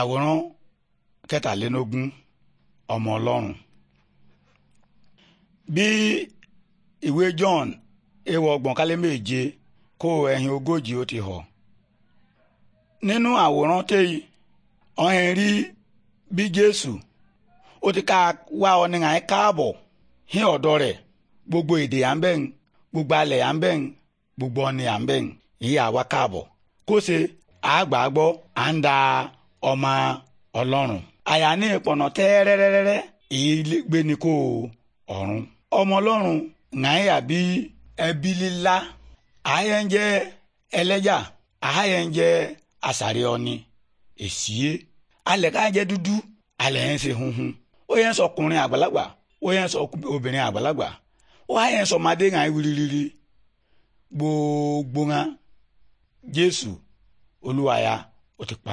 àwòrán kẹtàlélógún ọmọ ọlọ́run bí ìwé John ewọ ọgbọ̀n kálé méje kó ẹ̀yìn ogójì ó ti họ nínú àwòrán téyì ọ̀hìn rí bí Jésù ó ti ká wá ọ̀nì àyè káàbọ̀ hí ọ̀dọ̀ rẹ̀ gbogbo èdè à ń bẹ̀ ń gbogbo alẹ̀ à ń bẹ̀ ń gbogbo ọ̀nì à ń bẹ̀ ń ìyá wa káàbọ̀ kó ṣe àgbà gbọ́ à ń da ọmọ ọlọ́run àyà ní ìpọ̀nà tẹ́ẹ́rẹ́rẹ́rẹ́ èyí gbé ní kó ọ̀run ọmọ ọlọ́run nàáyà bí ẹbí lílá àáyẹ ń jẹ ẹlẹ́jà àáyẹ ń jẹ àsàrí ọni èsìyé alẹ̀ ká jẹ́ dúdú alẹ̀ ń ṣe hunhun ó yẹn sọ ọkùnrin àgbàlagbà ó yẹn sọ obìnrin àgbàlagbà ó yẹn sọ ọmọdé hàn gbogbo hàn ti pa